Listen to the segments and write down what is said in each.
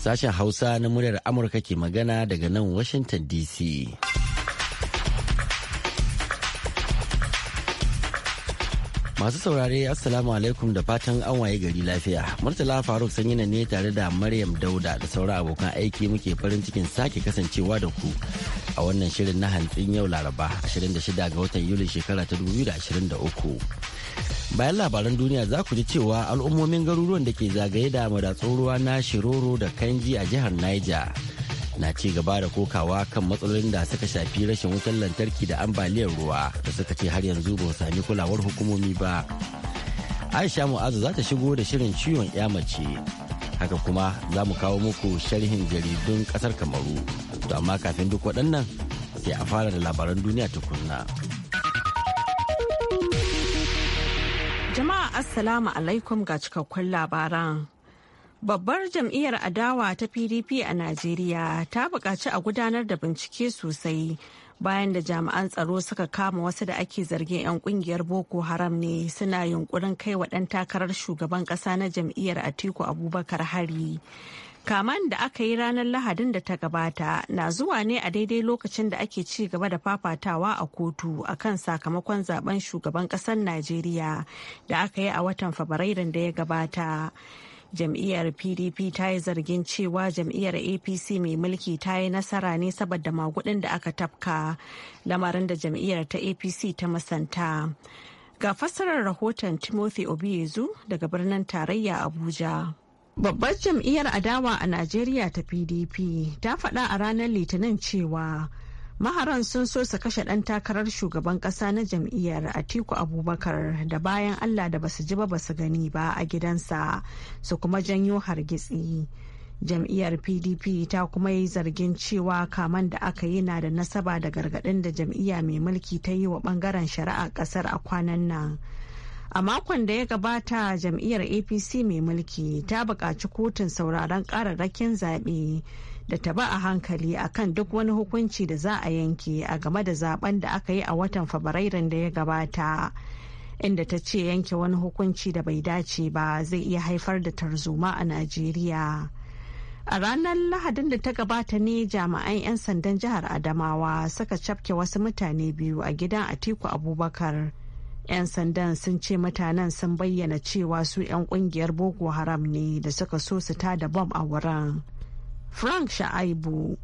Sashen Hausa na muryar Amurka ke magana daga nan Washington DC. Masu saurare Assalamu alaikum da fatan an waye gari lafiya. Murtala Faruk sanyina ne tare da Maryam Dauda da sauran abokan aiki muke farin cikin sake kasancewa da ku a wannan shirin na hantsin yau laraba 26 ga watan yuli shekara ta 2023 bayan labaran duniya za ku ji cewa al'ummomin garuruwan da ke zagaye da madatsun ruwa na shiroro da kanji a jihar niger na ci gaba da kokawa kan matsalolin da suka shafi rashin wutar lantarki da ambaliyar ruwa da suka ce har yanzu ba sami kulawar hukumomi ba aisha mu'azu za ta shigo da shirin ciwon ya mace haka kuma za mu kawo muku sharhin jaridun kasar kamaru to amma kafin duk waɗannan sai a fara da labaran duniya tukunna jama'a assalamu alaikum ga cikakkun labaran Babbar jam'iyyar adawa ta PDP a Najeriya ta buƙaci a gudanar da bincike sosai bayan da jami'an tsaro suka kama wasu da ake zargin 'yan kungiyar boko haram ne suna yunkurin kai wa ɗan takarar shugaban ƙasa na jam'iyyar atiku abubakar hari kaman da aka yi ranar lahadin da ta gabata na zuwa ne a daidai lokacin da ake ci gaba da fafatawa a kotu akan sakamakon zaben shugaban ƙasar najeriya da aka yi a watan fabrairun da ya gabata jam'iyyar pdp ta yi zargin cewa jam'iyyar apc mai mulki ta yi nasara ne saboda magudin da aka tafka lamarin da jam'iyyar ta apc ta masanta ga fassarar rahoton timothy obiezu daga birnin tarayya abuja Babbar jam'iyyar adawa a Najeriya ta PDP ta faɗa a ranar Litinin cewa maharan sun so su kashe ɗan takarar shugaban ƙasa na jam'iyyar atiku abubakar da bayan allah da basu ji ba basu gani ba a gidansa su kuma janyo hargitsi jam'iyyar pdp ta kuma yi zargin cewa kaman da aka yi na da nasaba da gargaɗin da jam'iyya mai mulki ta yi wa ɓangaren shari'a ƙasar a kwanan nan a makon da ya gabata jam'iyyar apc mai mulki ta buƙaci kotun sauraron ƙararrakin zaɓe da ta ba a hankali a kan duk wani hukunci da za a yanke a game da zaben da aka yi a watan fabrairun da ya gabata inda ta ce yanke wani hukunci da bai dace ba zai iya haifar da tarzoma a najeriya a ranar lahadin da ta gabata ne jami'an 'yan sandan jihar adamawa suka cafke wasu mutane biyu a gidan atiku abubakar 'yan sandan sun ce mutanen sun bayyana cewa su 'yan kungiyar boko haram ne da suka so su tada bom a wurin frank sha'aibu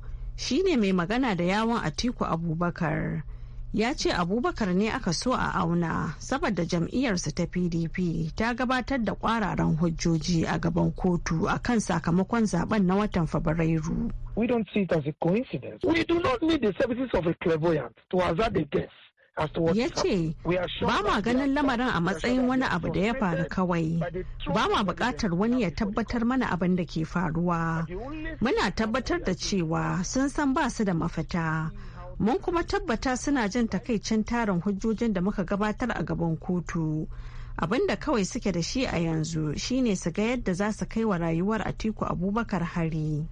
ne mai magana da yawon atiku abubakar ya ce abubakar ne aka so a auna saboda jam'iyyarsa ta pdp ta gabatar da kwararan hujjoji a gaban kotu a kan sakamakon zaben na watan fabrairu we don't see it as a coincidence we do not need the services of a clairvoyant to hazard a guess Ya ce, ba ma ganin lamarin a matsayin wani abu da ya faru kawai, ba ma bukatar wani ya tabbatar mana abin da ke faruwa. Muna tabbatar da cewa sun san ba su da mafita. Mun kuma tabbata suna jin takaicin tarin hujjojin da muka gabatar a gaban kotu. abin da kawai suke da shi a yanzu shine su ga yadda za su kai wa rayuwar atiku abubakar hari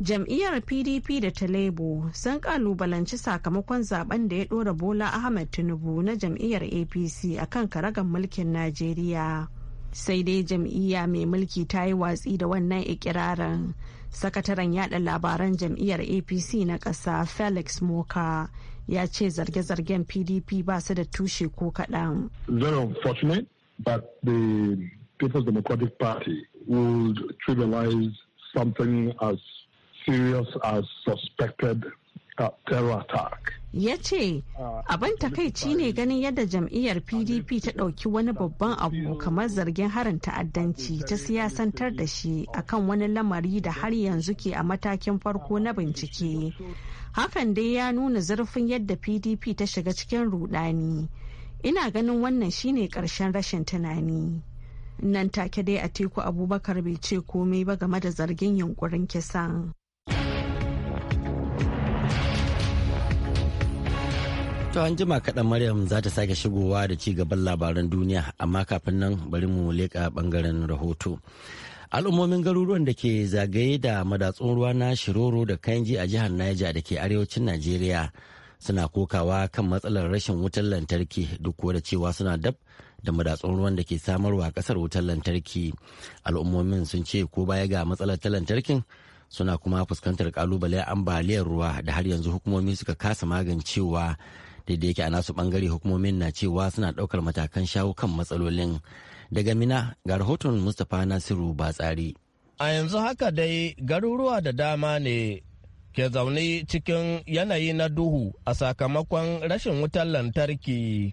jam'iyyar pdp da ta labour sun kalubalanci sakamakon zaben da ya dora bola ahmed tinubu na jam'iyyar apc a kan karagan mulkin najeriya sai dai jam'iyya mai mulki ta yi watsi da wannan ikirarin sakataren yada labaran jam'iyyar apc na ƙasa felix moka ya ce zarge-zargen pdp ba su da tushe ko kaɗan. would something as serious as suspected Uh, ya ce abin takaici ne ganin yadda jam'iyyar pdp ta ɗauki wani babban abu kamar zargin harin ta'addanci ta siyasantar da shi akan wani lamari da har yanzu ke a matakin farko na bincike hakan dai ya nuna zurfin yadda pdp ta shiga cikin rudani ina ganin wannan shine ƙarshen rashin tunani nan take dai a teku abubakar bai ce komai ba game da zargin yunkurin kisan To an jima kaɗan Maryam za ta sake shigowa da ci gaban labaran duniya amma kafin nan bari mu leƙa ɓangaren rahoto. al'ummomin garuruwan da ke zagaye da madatsun ruwa na shiroro da kanji a jihar Niger da ke arewacin Najeriya suna kokawa kan matsalar rashin wutar lantarki duk da cewa suna dab da madatsun ruwan da ke samarwa kasar wutar lantarki al'ummomin sun ce ko baya ga matsalar ta lantarkin suna kuma fuskantar kalubale ambaliyar ruwa da har yanzu hukumomi suka kasa magancewa Daidai da yake a nasu bangare hukumomin na cewa suna ɗaukar matakan shawo kan matsalolin daga mina ga rahoton mustapha nasiru batsari a yanzu haka dai garuruwa da dama ne ke zaune cikin yanayi na duhu a sakamakon rashin wutar lantarki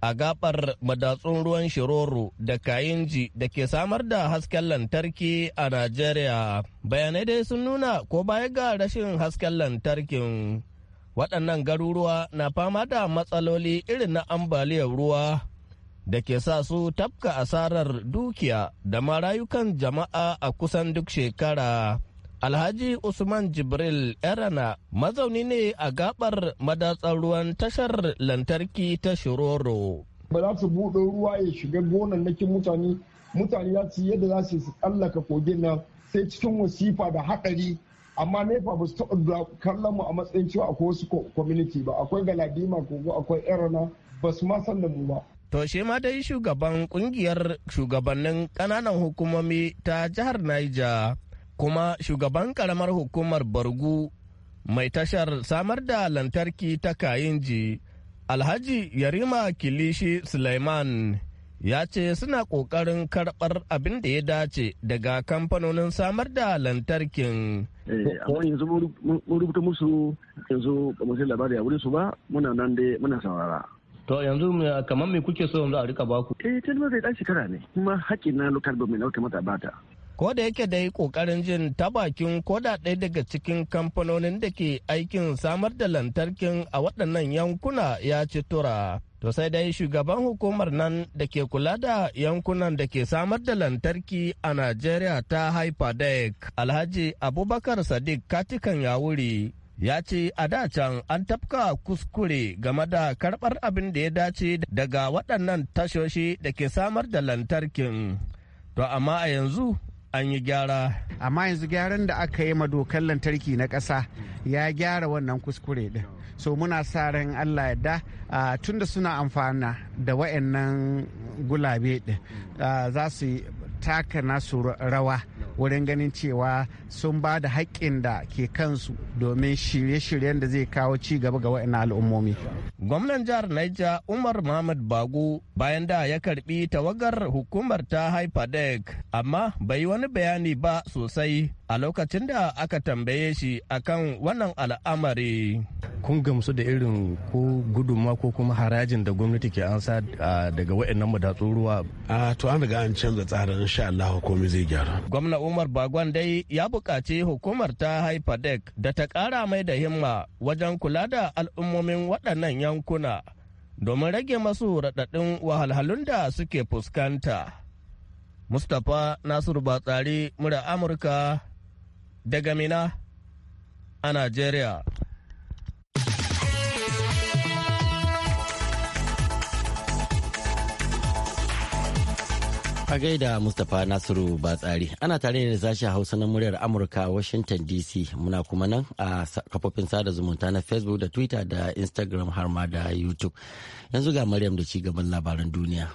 a gabar madatsun ruwan shiroro da kayinji da ke samar da hasken lantarki a Najeriya. Bayanai dai sun nuna ko baya ga rashin hasken lantarkin waɗannan garuruwa na fama da matsaloli irin na ambaliyar ruwa da ke sa su tafka asarar dukiya da ma rayukan jama'a a kusan duk shekara. Alhaji Usman Jibril Erana mazauni ne a gabar madatsar ruwan tashar lantarki ta Shiroro. Ba za su buɗe ruwa ya shiga gonannakin mutane, mutane za su yadda za su tsallaka kogin nan sai cikin wasifa da haɗari amma nefa ba su taɓa kallon mu a matsayin cewa akwai wasu community ba akwai galadima ko akwai erana ba su ma san da mu ba To shi ma dai shugaban kungiyar shugabannin kananan hukumomi ta jihar Naija kuma shugaban karamar hukumar Bargu mai tashar samar da lantarki ta Kayinji Alhaji Yarima Kilishi suleiman ya ce suna ƙoƙarin karɓar abin da ya dace daga kamfanonin samar da lantarkin Eh, amma yanzu mun rubuta musu yanzu ba mu sai labari a wurin su ba muna nan dai muna saurara to yanzu kamar me kuke so yanzu a rika baku eh tun zai dan shekara ne kuma haƙƙin na local government na kamata bata ko da yake dai kokarin jin ta bakin da ɗaya daga cikin kamfanonin da ke aikin samar da lantarkin a waɗannan yankuna ya ci tura to sai dai shugaban hukumar nan da ke kula da yankunan da ke samar da lantarki a najeriya ta hyperdeck alhaji abubakar sadiq katikan yawuri ya ce a da can an tafka kuskure game da karɓar abin da ya dace daga waɗannan tashoshi da ke samar da lantarkin to amma a yanzu an yi gyara amma yanzu gyaran da aka yi ma dokar lantarki na ƙasa ya gyara wannan kuskure din so muna sa ran allah yadda tun da suna amfana da wa'annan gulabe din za su taka nasu rawa wurin ganin cewa sun ba da haƙƙin da ke kansu domin shirye-shiryen da zai kawo ci gaba ga wa'in al'ummomi. Gwamnan jihar Naija Umar Mahmud Bago bayan da ya karbi tawagar hukumar ta Hyperdeck amma bai wani bayani ba sosai a lokacin da aka tambaye shi akan wannan al'amari. Kun gamsu da irin ko gudunma ko kuma harajin da gwamnati ke ansa daga wa'annan ruwa? A to an riga an canza tsarin insha Allah komai zai gyara. Gwamna Umar Bagwan dai ya buga. buƙaci hukumar ta haifa dek da ta ƙara mai da himma wajen kula da al'ummomin waɗannan yankuna domin rage masu raɗaɗin wahalhalun da suke fuskanta. Mustapha Nasiru Batsari, mura Amurka daga Mina a Najeriya. A gaida Mustapha Nasiru Batsari ana tare da sashen Hausa na muryar Amurka Washington DC muna kuma nan a kafofin sada zumunta na Facebook da Twitter da Instagram har ma da YouTube. Yanzu ga Maryam da ci gaban labaran duniya.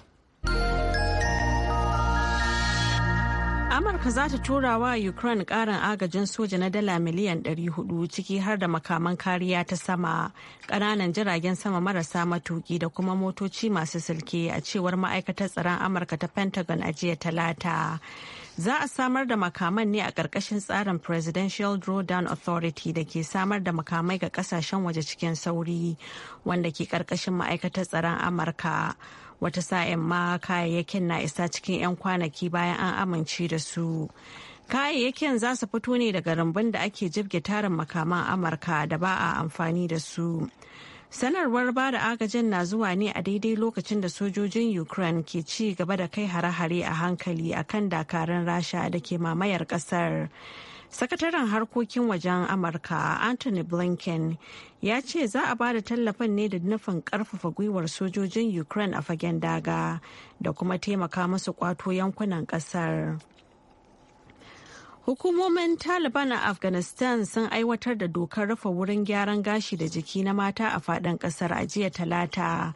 Amurka za ta tura wa Ukraine karin agajin soja na dala miliyan 400 ciki har da makaman kariya ta sama, ƙananan jiragen sama marasa matuki da kuma motoci masu silke a cewar ma'aikatar tsaron Amurka ta Pentagon a jiya talata. Za a samar da makaman ne a ƙarƙashin tsarin Presidential Drawdown Authority da ke samar da makamai ga ƙasashen waje cikin sauri, wanda ke ƙarƙashin ma'aikatar tsaron Amurka. wata sa'in ma kayayyakin na isa cikin 'yan kwanaki bayan an amince da su kayayyakin za su fito ne daga rumbun da ake jibge tarin makaman amurka da ba a amfani da su sanarwar ba da agajin na zuwa ne a daidai lokacin da sojojin ukraine ke ci gaba da kai hare-hare a hankali akan dakarun rasha da ke mamayar kasar sakataren harkokin wajen amurka anthony blinken ya ce za a ba da tallafin ne da nufin karfafa gwiwar sojojin ukraine a fagen daga da kuma taimaka masu kwato yankunan kasar Hukumomin Taliban a Afghanistan sun aiwatar da dokar rufe wurin gyaran gashi da jiki na mata a fadin ƙasar a jiya talata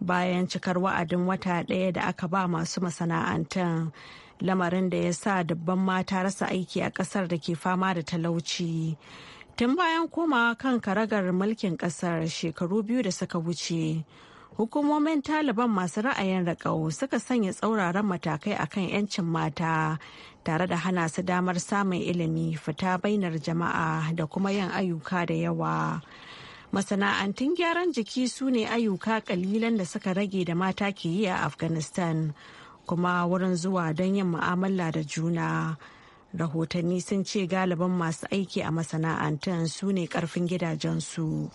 bayan cikar wa'adin wata ɗaya da aka ba masu masana'antar lamarin da ya sa dabban mata rasa aiki a kasar da ke fama da talauci tun bayan komawa kan karagar mulkin kasar shekaru biyu da suka wuce hukumomin taliban masu ra'ayin raƙau suka sanya tsauraran matakai a kan 'yancin mata tare da hana su damar samun ilimi fita bainar jama'a da kuma yin ayyuka da yawa masana'antun gyaran jiki su ne ayyuka kalilan da suka rage da mata ke yi a afghanistan kuma wurin zuwa don yin mu'amala da juna rahotanni sun ce galiban masu aiki a masana'antun su ne karfin gidajensu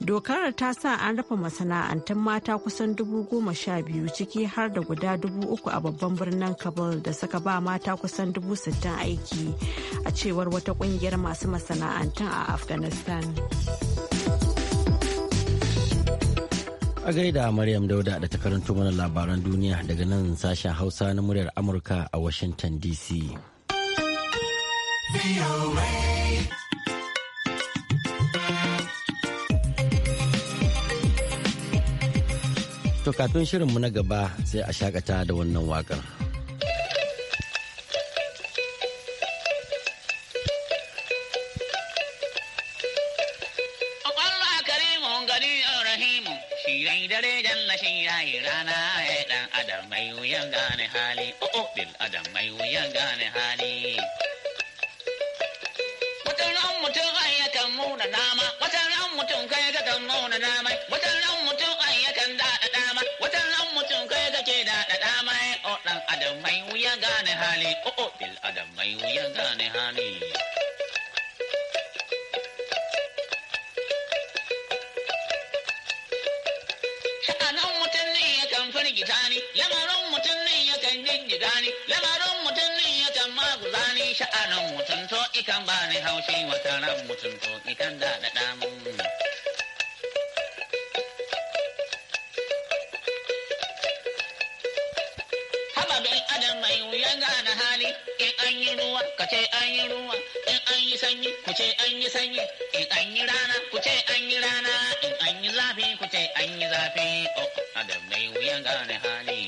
dokar ta sa an rufe masana'antun mata kusan dubu goma sha biyu ciki har da guda dubu uku a babban birnin kabul da suka ba mata kusan dubu sittin aiki a cewar wata kungiyar masu masana'antun a afghanistan A gaida Maryam Dauda da ta karanto mana labaran duniya daga nan sashen Hausa na muryar Amurka a Washington DC. To kafin shirinmu na gaba sai a shakata da wannan waƙar. gane hali o'o oh, oh, bil adam mai wuya gane hali sha'anan mutum ne yakan firgita ni lamarin mutum ne yakan jijjiga ni lamarin mutum ne yakan maguza ni sha'anan mutum to ikan bani haushi wata ran mutum to ikan da ce an yi ruwa in an yi sanyi ku ce an yi sanyi in an yi rana Kuce ce an yi rana in an yi zafi Kuce ce an yi zafi oh adam mai wuyan gane hali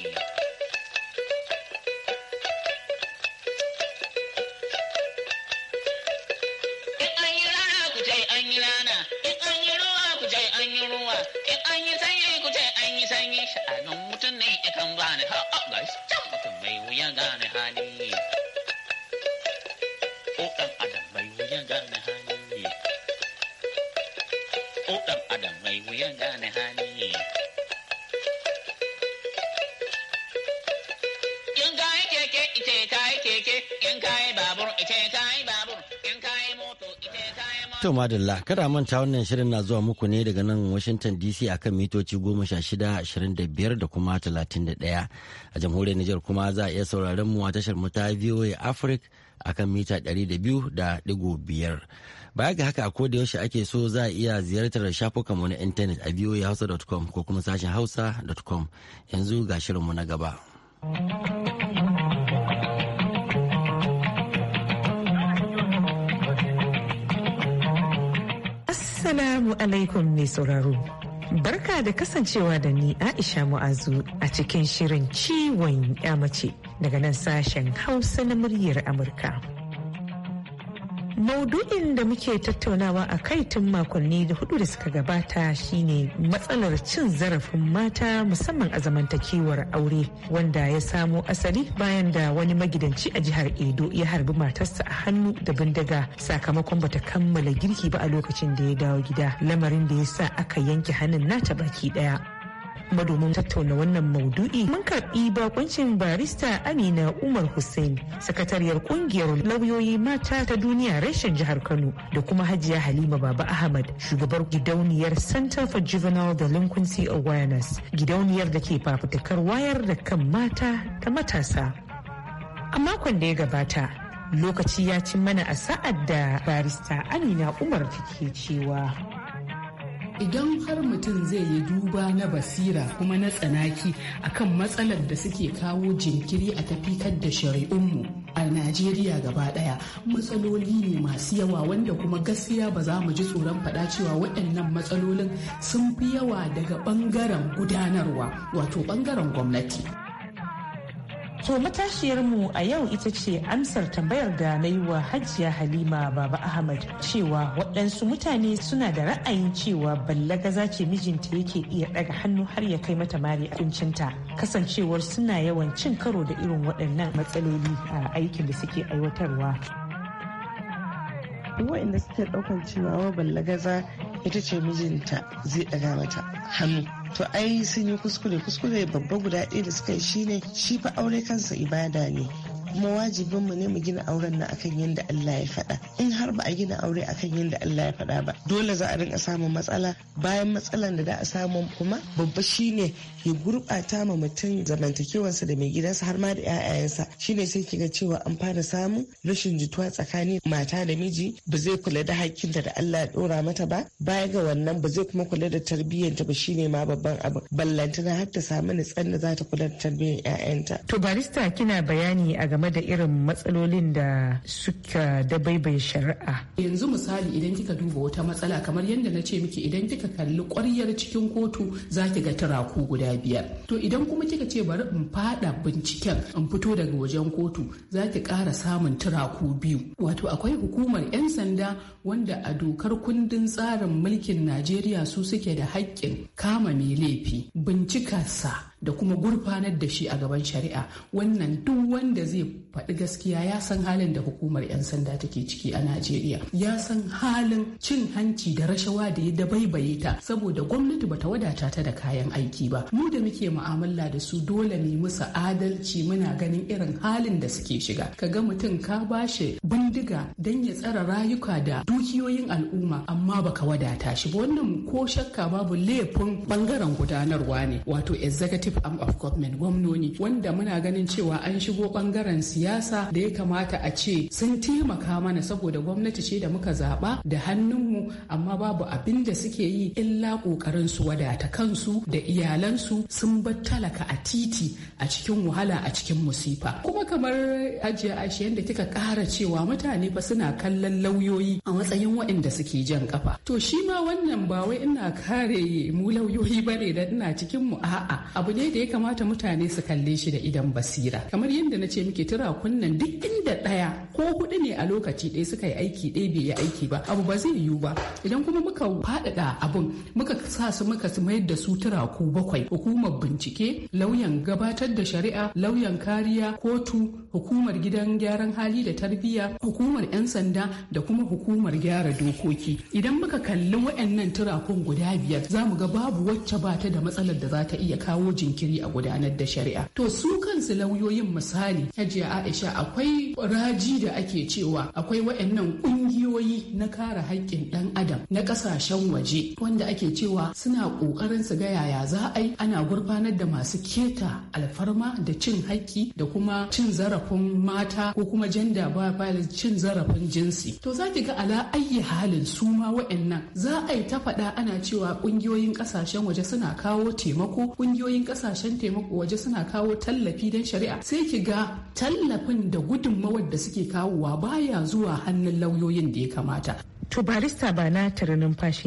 To madalla kada manta wannan shirin na zuwa muku ne daga nan Washington DC akan mitoci shida ashirin da kuma ɗaya a jamhuriyar Nijar kuma za a iya sauraron mu a tashar mu ta VOA Africa akan mita ɗari da da biyu biyar baya ga haka a koda yaushe ake so za a iya ziyartar shafukan mu na intanet a voahausa.com ko kuma sashen hausa.com yanzu ga shirinmu na gaba. Assalamu alaikum mai sauraro. Barka da kasancewa da ni Aisha Mu'azu a cikin shirin ciwon ya mace daga nan sashen Hausa na muryar Amurka. Maudu'in da muke tattaunawa a kai tun makonni da hudu da suka gabata shine matsalar cin zarafin mata musamman a zamantakewar aure wanda ya samo asali bayan da wani magidanci a jihar Edo ya harbi matarsa a hannu da bindiga sakamakon bata kammala girki ba a lokacin da ya dawo gida lamarin da ya sa aka yanke hannun nata baki ɗaya. kuma domin tattauna wannan maudu'i mun karɓi bakoncin barista Amina Umar Hussein sakatariyar kungiyar lauyoyi mata ta duniya reshen jihar Kano da kuma Hajiya Halima Baba Ahmad shugabar gidauniyar Center for Juvenile Delinquency Awareness gidauniyar da ke fafutukar wayar da kan mata ta matasa. A makon da ya gabata lokaci ya ci mana a sa'ad da barista amina umar take cewa idan har mutum zai yi duba na basira kuma na tsanaki akan matsalar da suke kawo jinkiri a tafikar da shari'unmu a najeriya gaba daya matsaloli ne masu yawa wanda kuma gaskiya ba za mu ji tsoron faɗa cewa waɗannan matsalolin sun fi yawa daga ɓangaren gudanarwa wato ɓangaren gwamnati To matashiyarmu a yau ita ce amsar tambayar da na yi wa Hajiya Halima Baba Ahmad cewa waɗansu mutane suna da ra'ayin cewa za ce mijinta yake iya ɗaga hannu har ya kai mata mari a kuncinta kasancewar suna yawan cin karo da irin waɗannan matsaloli a aikin da suke aiwatarwa. Wa'inda suke ɗaukan cewa ballagaza ita ce mijinta zai ɗaga mata hannu. to ai sun yi kuskure kuskure babba guda ɗaya da suka yi shine shi fa aure kansa ibada ne kuma wajibin mu ne mu gina auren na akan yadda Allah ya faɗa in har ba a gina aure akan yadda Allah ya faɗa ba dole za a rinka samun matsala bayan matsalan da za a samu kuma babba shine ya gurɓata ma mutum zamantakewarsa da mai gidansa har ma da yayansa shine sai kiga cewa an fara samu rashin jituwa tsakanin mata da miji ba zai kula da hakkinta da Allah ya ɗora mata ba baya ga wannan ba zai kuma kula da tarbiyyanta ba shine ma babban abu ballantana har ta samu nutsan da za ta kula da tarbiyyar 'ya'yanta. To barista kina bayani a game game da irin matsalolin da suka dabaibaye shari'a yanzu misali idan kika duba wata matsala kamar yadda na ce miki idan kika kalli kwaryar cikin kotu za ki ga turaku guda biyar to idan kuma kika ce bari in fada binciken in fito daga wajen kotu za ki ƙara samun turaku biyu wato akwai hukumar 'yan sanda wanda a dokar kundin tsarin mulkin najeriya su suke da haƙƙin kama mai laifi bincikarsa da kuma gurfanar da shi a gaban shari'a wannan duk wanda zai faɗi gaskiya ya san halin da hukumar 'yan sanda take ciki a najeriya ya san halin cin hanci da rashawa da ya dabaibaye ta saboda gwamnati bata wadata ta da kayan aiki ba mu da muke mu'amala da su dole ne musu adalci muna ganin irin halin da suke shiga ka ga mutum ka bashi bindiga don ya tsara rayuka da dukiyoyin al'umma amma baka wadata shi ba wannan ko shakka babu laifin bangaren gudanarwa ne wato executive chief arm of government gwamnoni wanda muna ganin cewa an shigo bangaren siyasa da ya kamata a ce sun taimaka mana saboda gwamnati ce da muka zaba da hannunmu amma babu abin da suke yi illa kokarin su wadata kansu da iyalansu sun bar talaka a titi a cikin wahala a cikin musifa kuma kamar hajiya ashe yadda kika kara cewa mutane fa suna kallon lauyoyi a matsayin waɗanda suke jan kafa to shi ma wannan ba wai ina kare mu lauyoyi bane da ina cikin mu a'a abu ne ne da ya kamata mutane su kalle shi da idan basira kamar yadda na ce muke tura kunnan duk inda ɗaya ko hudu ne a lokaci ɗaya suka yi aiki ɗaya bai yi aiki ba abu ba zai yiwu ba idan kuma muka faɗaɗa abun muka sa su muka mayar da su turaku bakwai hukumar bincike lauyan gabatar da shari'a lauyan kariya kotu hukumar gidan gyaran hali da tarbiyya hukumar 'yan sanda da kuma hukumar gyara dokoki idan muka kalli waɗannan turakun guda biyar za mu ga babu wacce ba ta da matsalar da za ta iya kawo jin jinkiri a gudanar da shari'a to su kansu lauyoyin misali hajiya aisha akwai raji da ake cewa akwai waɗannan ƙungiyoyi na kare haƙƙin ɗan adam na ƙasashen waje wanda ake cewa suna ƙoƙarin su ga yaya za a yi ana gurfanar da masu keta alfarma da cin haƙƙi da kuma cin zarafin mata ko kuma janda ba cin zarafin jinsi to za ki ga ala ayyi halin su ma waɗannan za a yi ta faɗa ana cewa ƙungiyoyin ƙasashen waje suna kawo taimako ƙungiyoyin kasashen taimako waje suna kawo tallafi don shari'a sai ki ga tallafin da gudunmawar da suke kawowa baya zuwa hannun lauyoyin da ya kamata To barista ba na tare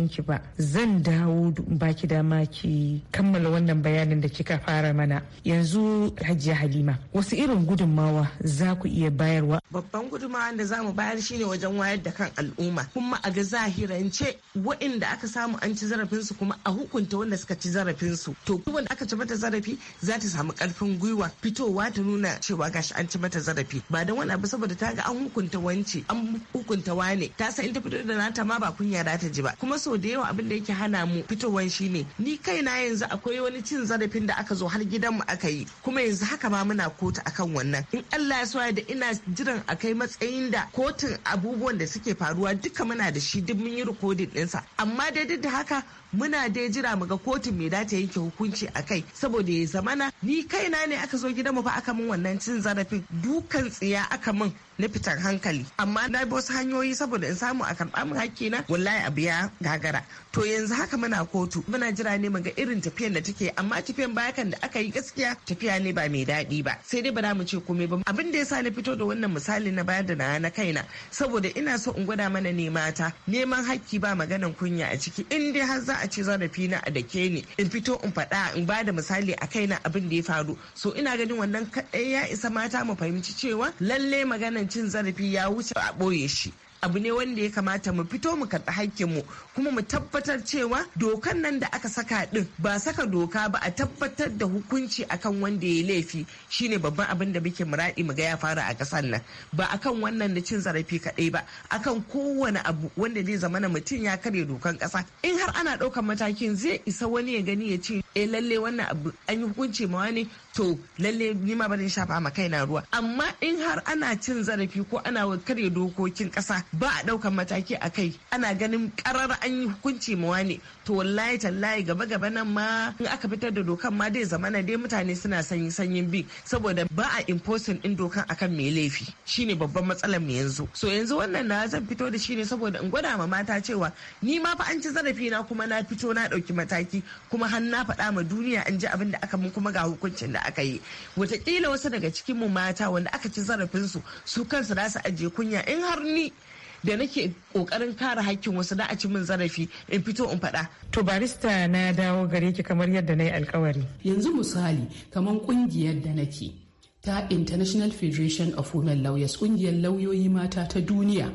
ki ba zan dawo baki dama ki kammala wannan bayanin da kika fara mana yanzu hajiya halima wasu irin gudunmawa za ku iya bayarwa. Babban gudunmawa da za mu bayar shine wajen wayar da kan al'umma kuma a ga zahirance waɗanda aka samu an ci zarafinsu kuma a hukunta wanda suka ci zarafin su to wanda aka ci mata zarafi za ta samu karfin gwiwa fitowa ta nuna cewa gashi an ci mata zarafi ba da wani abu saboda ta ga an hukunta wance an hukunta wane ta san in ta fito da nata ma ba kunya da ta ji ba kuma sau da yawa abin da yake hana mu fitowan ne ni kaina yanzu akwai wani cin zarafin da aka zo har gidanmu aka yi kuma yanzu haka ma muna kotu akan wannan in Allah ya soya da ina jiran a kai matsayin da kotun abubuwan da suke faruwa duka muna da shi duk mun yi rikodin ɗinsa amma daidai da haka muna dai jira mu ga kotun me dace yanke hukunci a kai saboda ya zamana ni kaina ne aka zo gidan mu fa aka min wannan cin zarafin dukan tsiya aka min na fitar hankali amma na bi wasu hanyoyi saboda in samu a karɓa min na wallahi abu ya gagara to yanzu haka muna kotu muna jira ne mu ga irin tafiyar da take amma tafiyan kan da aka yi gaskiya tafiya ne ba mai daɗi ba sai dai ba za mu ce komai ba abin da sa na fito da wannan misali na bayar da na na kaina saboda ina so in gwada mana ne mata neman hakki ba maganan kunya a ciki in dai har za a a ci zarafi na a dake ni in fito in faɗa in ba da misali a kai na abin da ya faru so ina ganin wannan kaɗai ya isa mata mu fahimci cewa lalle maganan cin zarafi ya wuce a ɓoye shi abu ne wanda ya kamata mu fito mu karɓi mu kuma mu tabbatar cewa dokan nan da aka saka din ba saka doka ba a tabbatar da hukunci akan wanda ya laifi shine babban abin da muke muradi mu ga ya fara a ƙasar nan ba akan wannan da cin zarafi kaɗai ba akan kowane abu wanda zai zama na mutum ya karya dokan kasa in har ana ɗaukan matakin zai isa wani ya gani ya ce eh lalle wannan abu an yi hukunci ma wani to lalle ni ma barin shafa ma kaina ruwa amma in har ana cin zarafi ko ana karya dokokin kasa ba a daukan mataki a kai ana ganin karar an yi hukunci ma wani to wallahi tallahi gaba gaba nan ma in aka fitar da dokan ma dai zamana dai mutane suna sanyi sanyin bi saboda ba a imposing din dokan akan mai laifi shine babban matsalar mu yanzu so yanzu wannan na zan fito da shi ne saboda in gwada ma mata cewa ni ma fa an ci zarafi na kuma na fito na dauki mataki kuma har na faɗa ma duniya an ji abin da aka mun kuma ga hukuncin da aka yi wataƙila wasu daga cikin mu mata wanda aka ci zarafinsu su kansu za su ajiye kunya in har ni da nake kokarin kare hakkin wasu da a ci min zarafi in fito in faɗa. To barista na dawo gare ki kamar yadda na yi alkawari. Yanzu misali kamar kungiyar da nake ta International Federation of Women Lawyers kungiyar lauyoyi mata ta duniya.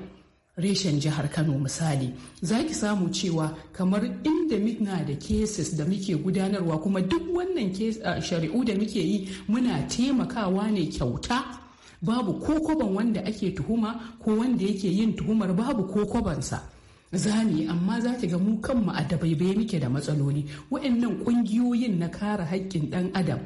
reshen jihar kano misali za ki samu cewa kamar inda muna da cases da muke gudanarwa kuma duk wannan ah, shari'u da muke yi muna taimakawa ne kyauta babu kokoban wanda ake tuhuma ko wanda yake yin tuhumar babu kokobansa za mu amma za ki ga mu kanmu a dabaibaye muke da matsaloli waɗannan ƙungiyoyin na kare haƙƙin ɗan adam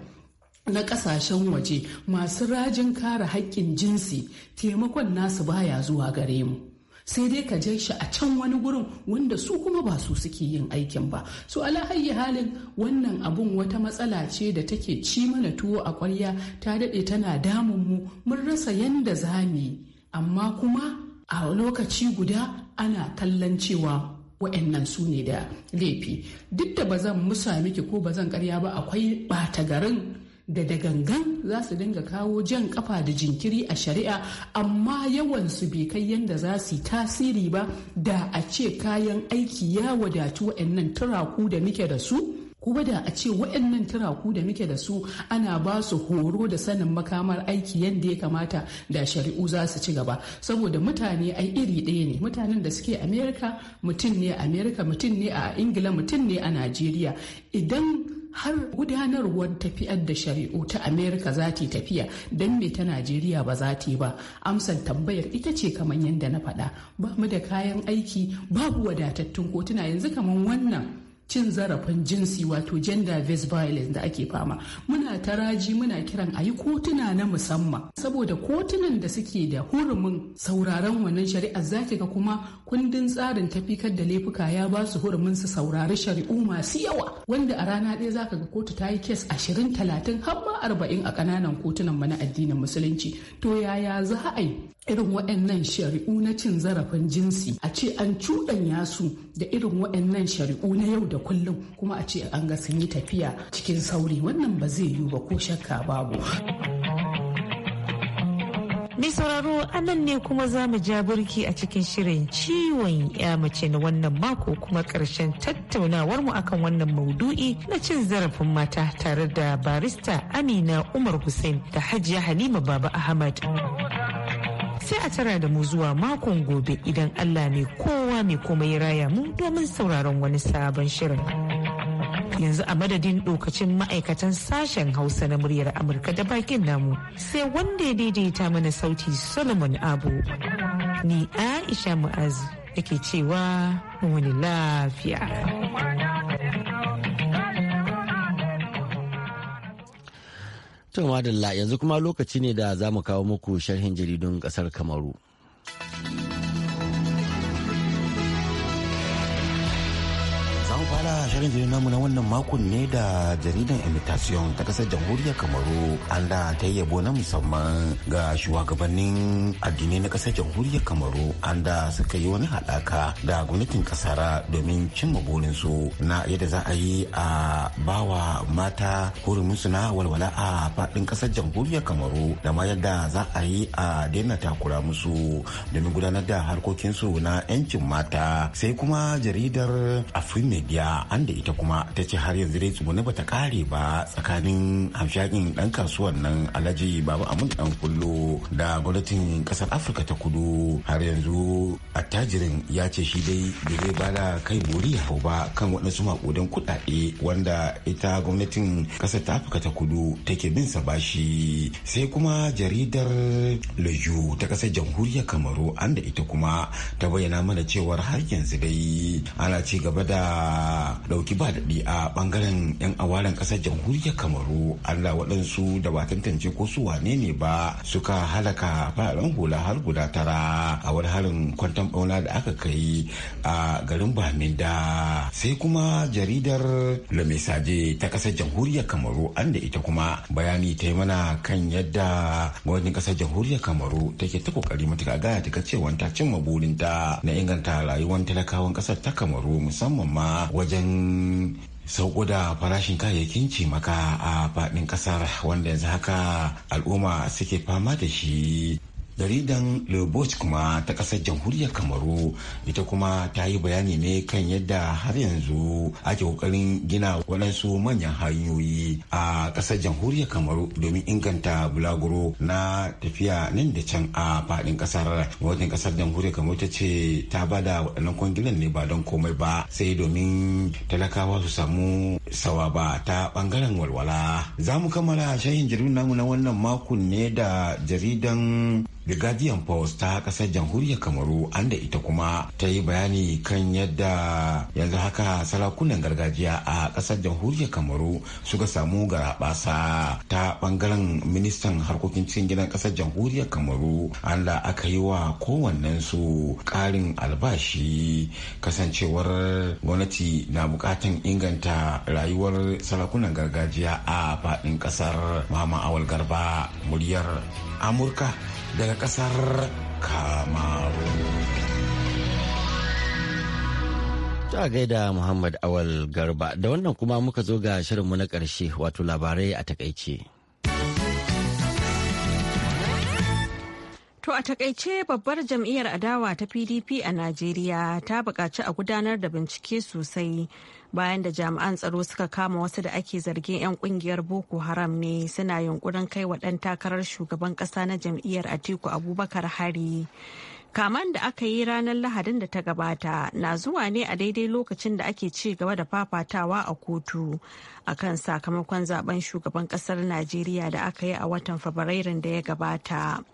na ƙasashen waje masu rajin kare haƙƙin jinsi taimakon nasu baya zuwa gare mu. sai dai ka je shi a can wani gurin wanda su kuma ba su suke yin aikin ba su alahayi halin wannan abun wata matsala ce da take ci mana tuwo a kwarya ta daɗe tana damun mu mun rasa yanda za mu yi amma kuma a lokaci guda ana kallon cewa wa'annan su ne da laifi duk da ba zan musa miki ko ba zan karya ba akwai ɓata garin da da gangan za su dinga kawo jan kafa da jinkiri a shari'a amma yawan su bai kai yanda za su tasiri ba da a ce kayan aiki ya wadatu waɗannan turaku da muke da su kuma da a ce waɗannan turaku da muke da su ana ba su horo da sanin makamar aiki yadda ya kamata da shari'u za su ci gaba saboda mutane ai iri ɗaya ne mutanen da suke amerika mutum ne a amerika mutum ne a ingila mutum ne a najeriya idan har gudanarwar tafiyar da shari'u ta amerika za ta tafiya don me ta najeriya ba za ta yi ba amsar tambayar ita ce kamar yadda na faɗa ba mu da kayan aiki babu wadatattun kotuna yanzu kamar wannan cin zarafin jinsi wato gender based violence da ake fama muna taraji muna kiran a yi kotuna na musamman saboda kotunan da suke da hurumin sauraron wannan shari'ar zaki ga kuma kundin tsarin tafikar da laifuka ya ba su hurumin su saurari shari'u masu yawa wanda a rana ɗaya zaka ga kotu ta yi kes ashirin talatin har ma arba'in a ƙananan kotunan mu na addinin musulunci to yaya za a yi irin waɗannan shari'u na cin zarafin jinsi a ce an cuɗanya su da irin waɗannan shari'u na yau da kullum kuma a ce an ga sun yi tafiya cikin sauri wannan ba zai yiwu ba ko shakka babu. Mai sauraro anan ne kuma za mu ja burki a cikin shirin ciwon ya mace na wannan mako kuma karshen tattaunawar mu akan wannan maudu'i na cin zarafin mata tare da barista Amina Umar Hussein da Hajiya Halima Baba Ahmad. sai a tara da mu zuwa makon gobe idan Allah mai kowa mai komai ya raya mu domin sauraron wani sabon shirin. yanzu a madadin dokacin ma'aikatan sashen hausa na muryar amurka da bakin namu sai wanda ya daidaita mana sauti solomon abu ni aisha mu'azu yake cewa wani lafiya To madalla yanzu kuma lokaci ne da za mu kawo muku sharhin jaridun kasar Kamaru. an fara shirin jirgin namu na wannan makon ne da jaridar imitation ta kasar jamhuriyar kamaru an da ta yabo na musamman ga shugabannin addinai na kasar jamhuriyar kamaru an da suka yi wani haɗaka da gwamnatin kasara domin cimma burinsu na yadda za a yi a bawa mata huruminsu na walwala a faɗin kasar jamhuriyar kamaru da ma yadda za a yi a daina takura musu domin gudanar da harkokinsu na 'yancin mata sai kuma jaridar afrin an da ita kuma ta ce har yanzu dai ba bata kare ba tsakanin hamshakin dan kasuwan nan Alhaji Baba amin dan kullo da gwamnatin kasar Afirka ta Kudu har yanzu attajirin ya ce shi dai da zai bada kai buri ba kan waɗansu makudan kuɗaɗe wanda ita gwamnatin kasar ta Afirka ta Kudu take bin sa bashi sai kuma jaridar Leju ta kasar jamhuriyar Kamaru an da ita kuma ta bayyana mana cewar har yanzu dai ana ci gaba da dauki ba daɗi a ɓangaren 'yan awaren ƙasar jamhuriyar kamaru allah waɗansu da ba tantance ko su wane ne ba suka halaka fararen hula har guda tara a wani harin kwantan bauna da aka kai a garin baminda sai kuma jaridar lamisaje ta ƙasar jamhuriyar kamaru anda ita kuma bayani ta yi mana kan yadda gwamnatin ƙasar jamhuriyar kamaru take ta kokari matuƙa gaya ta cewa ta cimma burinta na inganta rayuwar talakawan ƙasar ta kamaru musamman ma wajen sauko da farashin kayayyakin cimaka a faɗin ƙasar wanda yanzu haka al'umma suke fama da shi jaridan lobot kuma ta kasar jamhuriyar kamaru ita kuma ta yi bayani ne kan yadda har yanzu ake kokarin gina waɗansu manyan hanyoyi a kasar jamhuriyar kamaru domin inganta bulaguro na tafiya nan da can a faɗin kasar wajen kasar jamhuriyar kamaru ta ce ta bada da waɗannan kwangilan ne ba don komai ba sai domin talakawa su samu sawa ba ta ɓangaren walwala za mu kammala shahin jaridan namu na wannan makon ne da jaridan The Guardian Post ta kasar jamhuriyar Kamaru an da ita kuma ta yi bayani kan yadda yanzu haka sarakunan gargajiya a kasar jamhuriyar Kamaru suka samu garabasa ta bangaren ministan harkokin cikin gidan kasar jamhuriyar Kamaru an da aka yi wa kowannen su karin albashi kasancewar gwamnati na bukatan inganta rayuwar sarakunan gargajiya a faɗin kasar Muhammad Awal Garba muryar Amurka daga kasar kamaru ta gaida muhammad awal garba da wannan kuma muka zo ga shirinmu na ƙarshe wato labarai a takaice. To a takaice babbar jam'iyyar adawa ta PDP a Najeriya ta buƙaci a gudanar da bincike sosai bayan da jami'an tsaro suka kama wasu da ake zargin 'yan kungiyar Boko Haram ne suna yunkurin kai wa ɗan takarar shugaban ƙasa na jam'iyyar Atiku Abubakar Hari. Kaman da aka yi ranar Lahadin da ta gabata na zuwa ne a daidai lokacin da ake ci gaba da fafatawa a kotu a kan sakamakon zaben shugaban ƙasar Najeriya da aka yi a watan Fabrairun da ya gabata.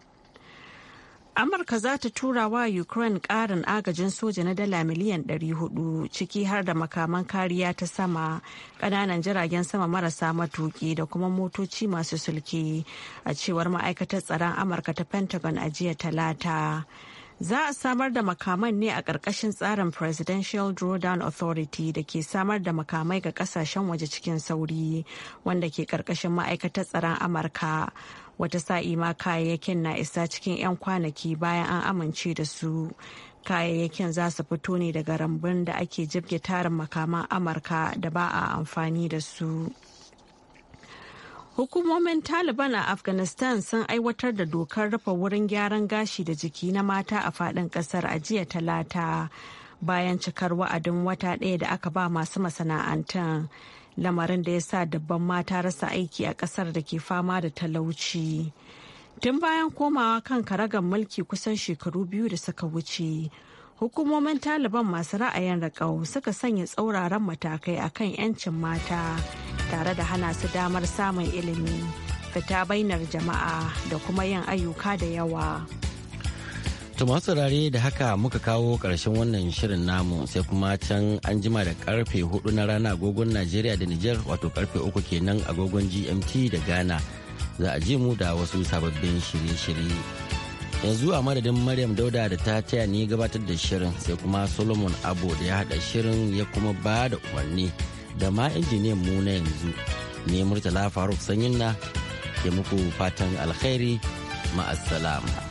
Amurka za ta tura wa Ukraine ƙarin agajin soja na dala miliyan 400 ciki har da makaman kariya ta sama, ƙananan jiragen sama marasa matuƙi da kuma motoci masu sulki a cewar ma'aikatar tsaron Amurka ta Pentagon a jiya talata. Za a samar da makaman ne a ƙarƙashin tsarin Presidential Drawdown Authority da ke samar da makamai ga ƙasashen waje cikin sauri wanda ke ƙarƙashin ma'aikatar tsaron Amurka. wata sa'i ma kayayyakin na isa cikin 'yan kwanaki bayan an amince da su kayayyakin za su fito ne daga rambun da ake jibge tarin makaman amurka da ba a amfani da su hukumomin taliban a afghanistan sun aiwatar da dokar rufe wurin gyaran gashi da jiki na mata a fadin kasar a jiya talata bayan cikar wa'adin wata ɗaya da aka ba masu masana'antar lamarin da ya sa dabban mata rasa aiki a kasar da ke fama da talauci tun bayan komawa kan karagar mulki kusan shekaru biyu da suka wuce hukumomin taliban masu ra'ayin raƙau suka sanya tsauraran matakai akan 'yancin mata tare da hana su damar samun ilimi fita bainar jama'a da kuma yin ayyuka da yawa. To masu saurare da haka muka kawo ƙarshen wannan shirin namu sai kuma can an jima da karfe hudu na rana agogon Najeriya da Nijar wato karfe uku kenan agogon GMT da Ghana za a ji mu da wasu sababbin shirye-shirye. Yanzu a madadin Maryam Dauda da ta taya ni gabatar da shirin sai kuma Solomon abu da ya haɗa shirin ya kuma ba da umarni da ma injiniyan mu na yanzu. Ne Murtala Faruk Sanyin na ke muku fatan alkhairi ma'assalama.